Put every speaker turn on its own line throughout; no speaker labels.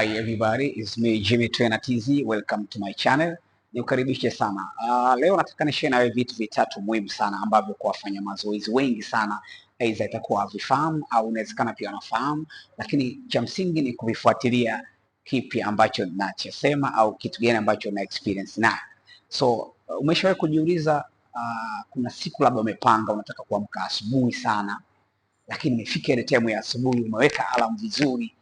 Hi everybody, it's me Jimmy Trainer TZ. Welcome to my channel. Nikukaribishe sana. Uh, leo nataka nishare nawe vitu vitatu muhimu sana ambavyo kwa mazoezi wengi sana aidha itakuwa havifahamu au unawezekana pia wanafahamu, lakini cha msingi ni kuvifuatilia kipi ambacho nachosema au kitu gani ambacho na experience na. So umeshawahi kujiuliza uh, kuna siku labda umepanga unataka kuamka asubuhi sana, lakini imefika ile time ya asubuhi umeweka alarm vizuri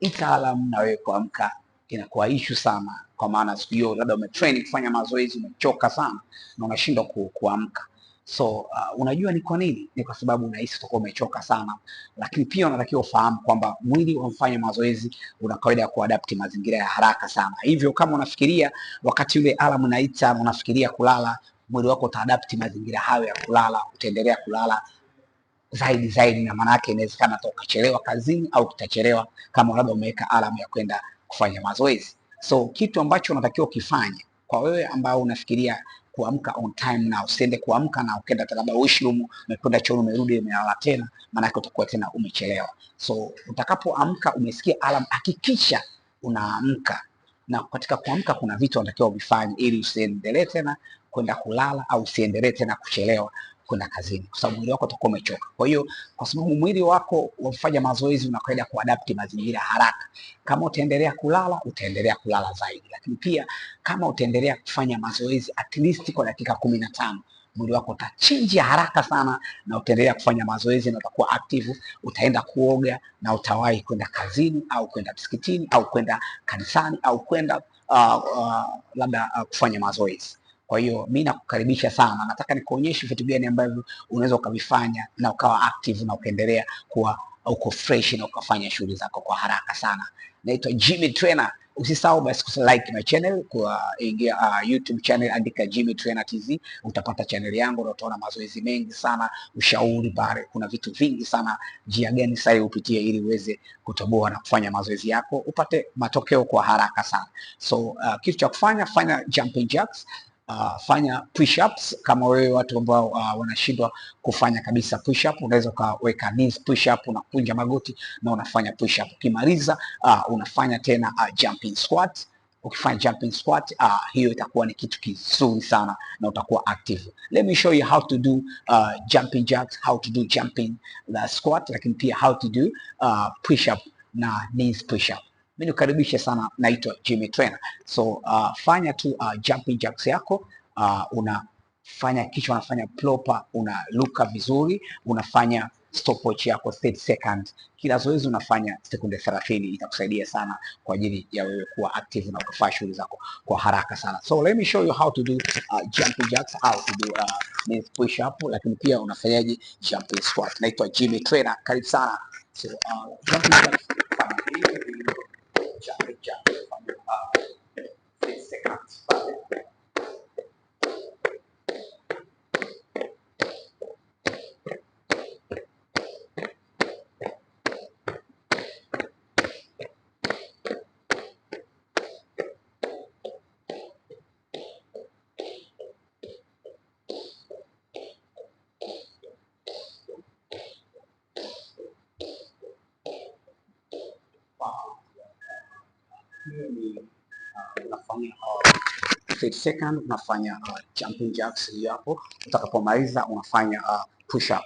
hii taalam na wewe kuamka inakuwa ishu sana, kwa maana siku hiyo labda umetrain kufanya mazoezi, umechoka sana na unashindwa ku, kuamka so uh, unajua ni kwa nini? Ni kwa sababu unahisi utakuwa umechoka sana, lakini pia unatakiwa ufahamu kwamba mwili unafanya mazoezi una kawaida ya kuadapti mazingira ya haraka sana. Hivyo kama unafikiria wakati ule alam naita unafikiria kulala, mwili wako utaadapti mazingira hayo ya kulala, utaendelea kulala zaidi zaidi, na maana yake inawezekana hata ukachelewa kazini au kitachelewa kama labda umeweka alamu ya kwenda kufanya mazoezi. So kitu ambacho unatakiwa ukifanye kwa wewe ambao unafikiria kuamka on time na usiende kuamka na ukenda hata labda uishi humu, umekwenda chooni, umerudi, umelala tena, maana yake utakuwa tena umechelewa. So utakapoamka umesikia alarm, hakikisha unaamka, na katika kuamka kuna vitu unatakiwa uvifanye ili usiendelee tena kwenda kulala au usiendelee tena kuchelewa kwenda kazini, kwa sababu mwili wako utakuwa umechoka. Kwa hiyo, kwa sababu mwili wako unafanya mazoezi, unakwenda kuadapti mazingira haraka. Kama utaendelea kulala, utaendelea kulala zaidi, lakini pia kama utaendelea kufanya mazoezi at least kwa dakika kumi na tano mwili wako utachinja haraka sana, na utaendelea kufanya mazoezi na utakuwa active, utaenda kuoga na utawahi kwenda kazini au kwenda msikitini au kwenda kanisani au kwenda uh, uh, labda uh, kufanya mazoezi. Kwa hiyo mi nakukaribisha sana, nataka nikuonyeshe vitu gani ambavyo unaweza ukavifanya na ukawa active na ukaendelea kuwa uko fresh na ukafanya shughuli zako kwa haraka sana. Naitwa Jimmy Trainer. Usisahau basi like my channel kwa ingia uh, YouTube channel andika Jimmy Trainer TV, utapata channel yangu na utaona mazoezi mengi sana, ushauri pale. Kuna vitu vingi sana, njia gani sahihi upitie ili uweze kutoboa na kufanya mazoezi yako upate matokeo kwa haraka sana. So uh, kitu cha kufanya, fanya jumping jacks Uh, fanya push ups kama wewe, watu ambao uh, wanashindwa kufanya kabisa push up, unaweza ukaweka knees push up, unakunja magoti na unafanya push up. Ukimaliza uh, unafanya tena uh, jumping squat. Ukifanya jumping squat uh, hiyo itakuwa ni kitu kizuri sana na utakuwa active. Let me show you how to do uh, jumping jacks, how to do jumping the squat, lakini pia how to do uh, push up na knees push up mimi nikukaribishe sana, naitwa Jimmy Trainer. So uh, fanya tu uh, jumping jacks yako uh, unafanya kichwa, unafanya proper, unaluka vizuri, unafanya stopwatch yako 30 seconds. Kila zoezi unafanya sekunde 30, itakusaidia sana kwa ajili ya wewe kuwa active na kufanya shughuli zako kwa haraka sana. So let me show you how to do uh, jumping jacks, how to do uh, push up, lakini pia unafanyaje jumping squat. Naitwa Jimmy Trainer, karibu sana. So uh, jumping jacks già, già, già, già, già, già, già, unafanya sit second, unafanya uh, jumping jacks hiyo hapo. Utakapomaliza unafanya uh, push up,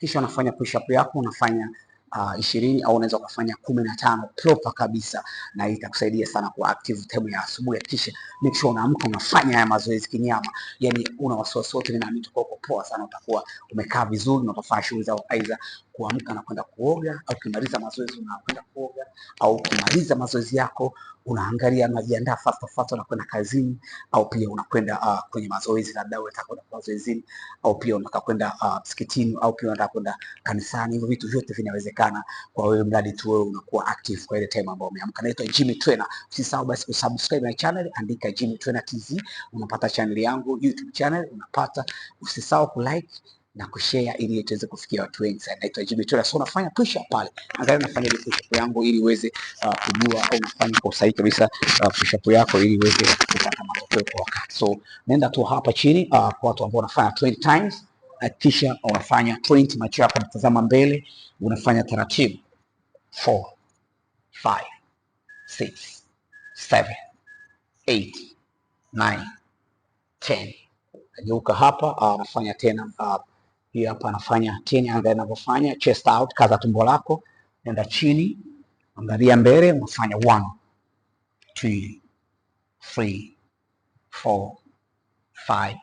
kisha unafanya push up yako unafanya uh, ishirini uh, au unaweza ukafanya kumi na tano proper kabisa, na itakusaidia sana kwa active time ya asubuhi. Hakikisha make sure unaamka unafanya haya mazoezi kinyama, yani una wasiwasi wote, na mimi tuko poa sana, utakuwa umekaa vizuri na utafanya shughuli zako, aidha kuamka na kwenda kuoga, au kumaliza mazoezi unakwenda kuoga, au kumaliza mazoezi yako unaangalia unajiandaa fasto fasto na kwenda kazini, au pia unakwenda uh, kwenye mazoezi, labda unataka kwenda mazoezini, au pia unataka kwenda uh, msikitini, au pia unataka kwenda kanisani. Hivyo vitu vyote vinawezekana kwa wewe, mradi tu wewe unakuwa active kwa ile time ambayo umeamka. Naitwa Jimmy Trainer, usisahau basi usubscribe my channel, andika Jimmy Trainer TZ, unapata channel yangu YouTube channel unapata. Usisahau kulike na kushare ili itaweze kufikia watu wengi sana. Naitwa Jimmy Tola. So unafanya push up pale. Angalia unafanya ile push up yangu ili uweze uh, kujua au kufanya kwa usahihi kabisa uh, push up yako ili uweze kupata matokeo kwa wakati. So nenda tu hapa chini uh, kwa watu ambao wanafanya 20 times uh, kisha unafanya 20 macho yako mtazama mbele, unafanya taratibu 4 5 6 7 8 9 10. Nageuka hapa, anafanya uh, tena uh, hiyo hapa anafanya teni, angalia anavyofanya chest out, kaza tumbo lako, nenda chini, angalia mbele, unafanya 1 2 3 4 5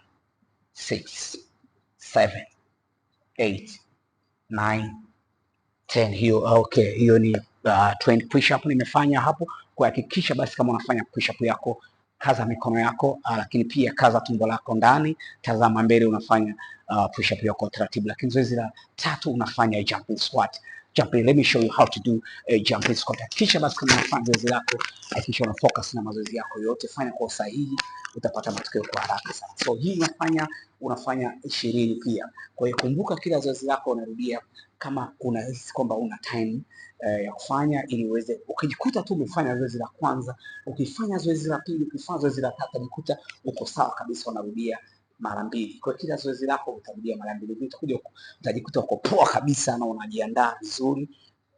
6 7 8 9 10. Hiyo okay, hiyo ni uh, 20 push up nimefanya hapo. Kuhakikisha basi kama unafanya push up yako kaza mikono yako, ah, lakini pia kaza tumbo lako ndani, tazama mbele, unafanya uh, ah, push up yako taratibu. Lakini zoezi la tatu unafanya jumping squat jumping. Let me show you how to do a jumping squat. Hakikisha basi kama unafanya zoezi lako, hakikisha una focus na mazoezi yako yote, fanya kwa usahihi, utapata matokeo kwa haraka sana. So hii unafanya unafanya 20 pia. Kwa hiyo kumbuka, kila zoezi lako unarudia kama unahisi kwamba una time eh, ya kufanya ili uweze. Ukijikuta tu umefanya zoezi la kwanza, ukifanya zoezi la pili, ukifanya zoezi la tatu, ukikuta uko sawa kabisa, unarudia mara mbili. Kwa kila zoezi lako utarudia mara mbili, utakuja utajikuta uko poa kabisa na unajiandaa vizuri,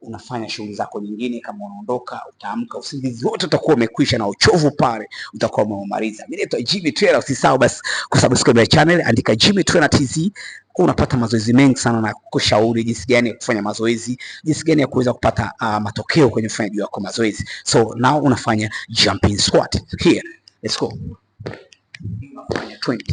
unafanya shughuli zako nyingine. Kama unaondoka, utaamka, usingizi wote utakuwa umekwisha na uchovu pale utakuwa umeumaliza. Mimi naitwa Jimmy Trainer, usisahau basi kusubscribe channel, andika Jimmy Trainer TZ unapata mazoezi mengi sana na kushauri jinsi gani ya kufanya mazoezi, jinsi gani ya kuweza kupata uh, matokeo kwenye ufanyaji wako mazoezi. So now unafanya jumping squat here, let's go. 20.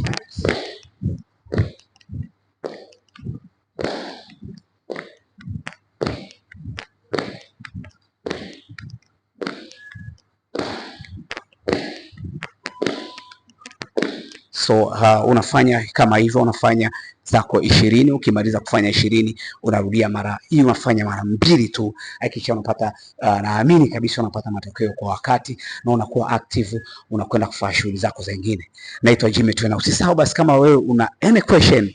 So uh, unafanya kama hivyo, unafanya zako ishirini. Ukimaliza kufanya ishirini unarudia mara hii, unafanya mara mbili tu, hakikisha unapata uh, naamini kabisa unapata matokeo kwa wakati na unakuwa active, unakwenda kufanya shughuli zako zingine. Naitwa Jimmy Trainer. Usisahau basi, kama wewe una any question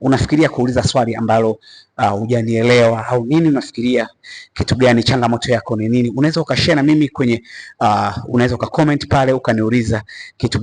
unafikiria kuuliza swali ambalo uh, hujanielewa uh, au nini, unafikiria kitu gani, changamoto yako ni nini, unaweza ukashare na mimi kwenye uh, unaweza ukacomment pale ukaniuliza kitu